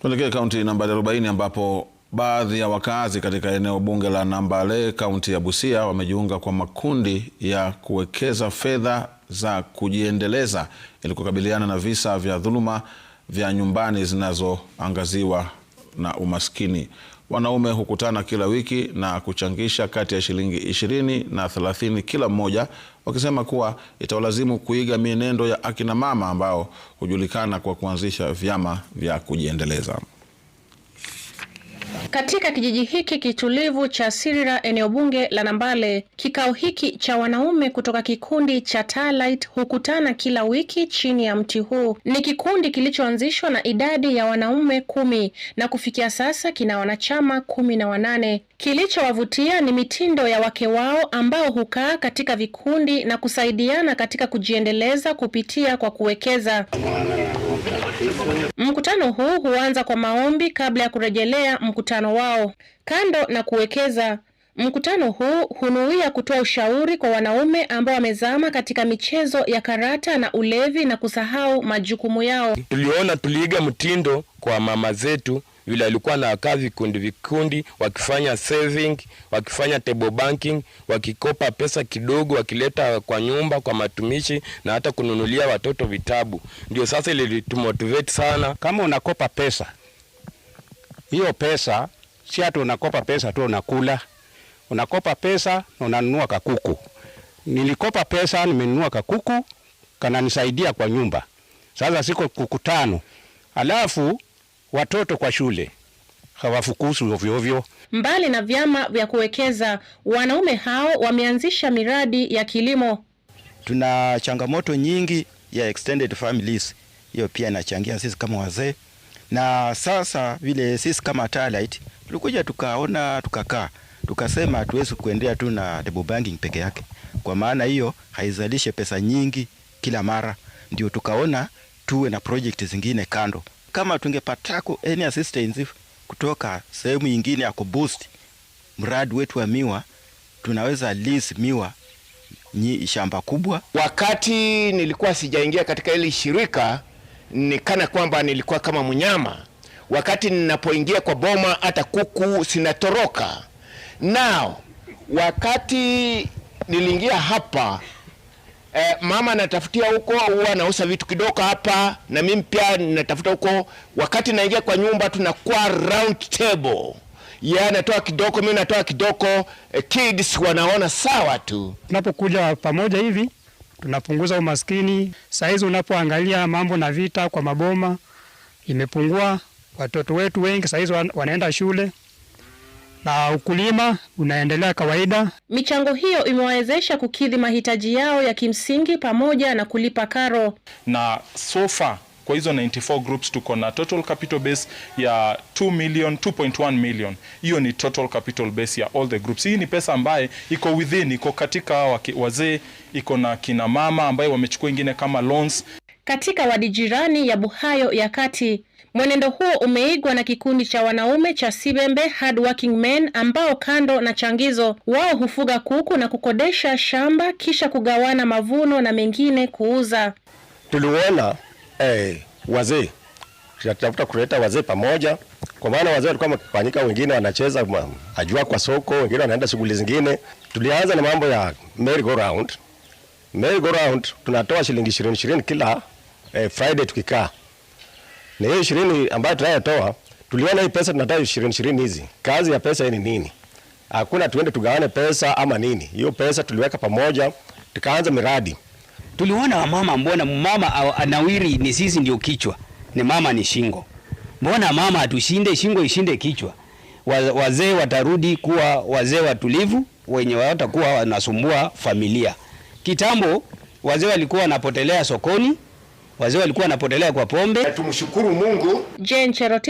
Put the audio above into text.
Tuelekee kaunti nambari 40 ambapo baadhi ya wakazi katika eneo bunge la Nambale kaunti ya Busia wamejiunga kwa makundi ya kuwekeza fedha za kujiendeleza ili kukabiliana na visa vya dhuluma vya nyumbani zinazoangaziwa na umaskini. Wanaume hukutana kila wiki na kuchangisha kati ya shilingi ishirini na 30 kila mmoja, wakisema kuwa itawalazimu kuiga mienendo ya akina mama ambao hujulikana kwa kuanzisha vyama vya kujiendeleza. Katika kijiji hiki kitulivu cha Sirira, eneo bunge la Nambale, kikao hiki cha wanaume kutoka kikundi cha Starlight hukutana kila wiki chini ya mti huu. Ni kikundi kilichoanzishwa na idadi ya wanaume kumi na kufikia sasa kina wanachama kumi na wanane. Kilichowavutia ni mitindo ya wake wao ambao hukaa katika vikundi na kusaidiana katika kujiendeleza kupitia kwa kuwekeza Mkutano huu huanza kwa maombi kabla ya kurejelea mkutano wao. Kando na kuwekeza, mkutano huu hunuia kutoa ushauri kwa wanaume ambao wamezama katika michezo ya karata na ulevi na kusahau majukumu yao. Tuliona tuliiga mtindo kwa mama zetu yule alikuwa na kaa vikundi vikundi, wakifanya saving, wakifanya table banking, wakikopa pesa kidogo, wakileta kwa nyumba kwa matumishi na hata kununulia watoto vitabu. Ndio sasa ilitumotivate sana. Kama unakopa pesa, hiyo pesa si hata unakopa pesa tu unakula, unakopa pesa na unanunua kakuku. Nilikopa pesa, nimenunua kakuku kananisaidia kwa nyumba, sasa siko kukutano alafu watoto kwa shule hawafukuzwi ovyoovyo. Mbali na vyama vya kuwekeza, wanaume hao wameanzisha miradi ya kilimo. Tuna changamoto nyingi ya extended families, hiyo pia inachangia sisi kama wazee. Na sasa vile sisi kama Starlight tulikuja tukaona, tukakaa, tukasema hatuwezi kuendea tu na table banking peke yake, kwa maana hiyo haizalishe pesa nyingi kila mara, ndio tukaona tuwe na project zingine kando kama tungepatako any assistance kutoka sehemu nyingine ya kuboost mradi wetu wa miwa, tunaweza lease miwa nyi shamba kubwa. Wakati nilikuwa sijaingia katika hili shirika, nikana kwamba nilikuwa kama mnyama. Wakati ninapoingia kwa boma, hata kuku sinatoroka nao. Wakati niliingia hapa eh, mama natafutia huko, huwa anauza vitu kidogo hapa, na mimi pia natafuta huko. Wakati naingia kwa nyumba, tunakuwa round table yeye anatoa kidogo, mimi natoa kidogo, eh, kids wanaona sawa tu. Tunapokuja pamoja hivi tunapunguza umaskini. Sahizi unapoangalia mambo na vita kwa maboma imepungua, watoto wetu wengi sahizi wanaenda shule na ukulima unaendelea kawaida. Michango hiyo imewawezesha kukidhi mahitaji yao ya kimsingi pamoja na kulipa karo. Na so far kwa hizo 94 groups tuko na total capital base ya 2 million 2.1 million. Hiyo ni total capital base ya all the groups. Hii ni pesa ambaye iko within, iko katika wazee, iko na kina mama ambaye wamechukua ingine kama loans katika wadi jirani ya Buhayo ya Kati. Mwenendo huo umeigwa na kikundi cha wanaume cha Sibembe Hard Working Men ambao kando na changizo, wao hufuga kuku na kukodesha shamba kisha kugawana mavuno na mengine kuuza. Tuliona eh, wazee tunatafuta kuleta wazee pamoja, kwa maana wazee walikuwa wakifanyika, wengine wanacheza ajua kwa soko, wengine wanaenda shughuli zingine. Tulianza na mambo ya merry go round merry go round tunatoa shilingi ishirini ishirini kila eh, Friday tukikaa. Na hiyo ishirini ambayo tunayotoa tuliona hii pesa tunataka ishirini ishirini hizi, kazi ya pesa hii ni nini? Hakuna tuende tugawane pesa ama nini. Hiyo pesa tuliweka pamoja tukaanza miradi. Tuliona wamama, mbona mama anawiri ni sisi ndio kichwa, ni mama ni shingo. Mbona mama atushinde shingo ishinde kichwa? Wazee watarudi kuwa wazee watulivu wenye watakuwa wanasumbua familia. Kitambo wazee walikuwa wanapotelea sokoni, wazee walikuwa wanapotelea kwa pombe. Tumshukuru Mungu. Jane Cherotich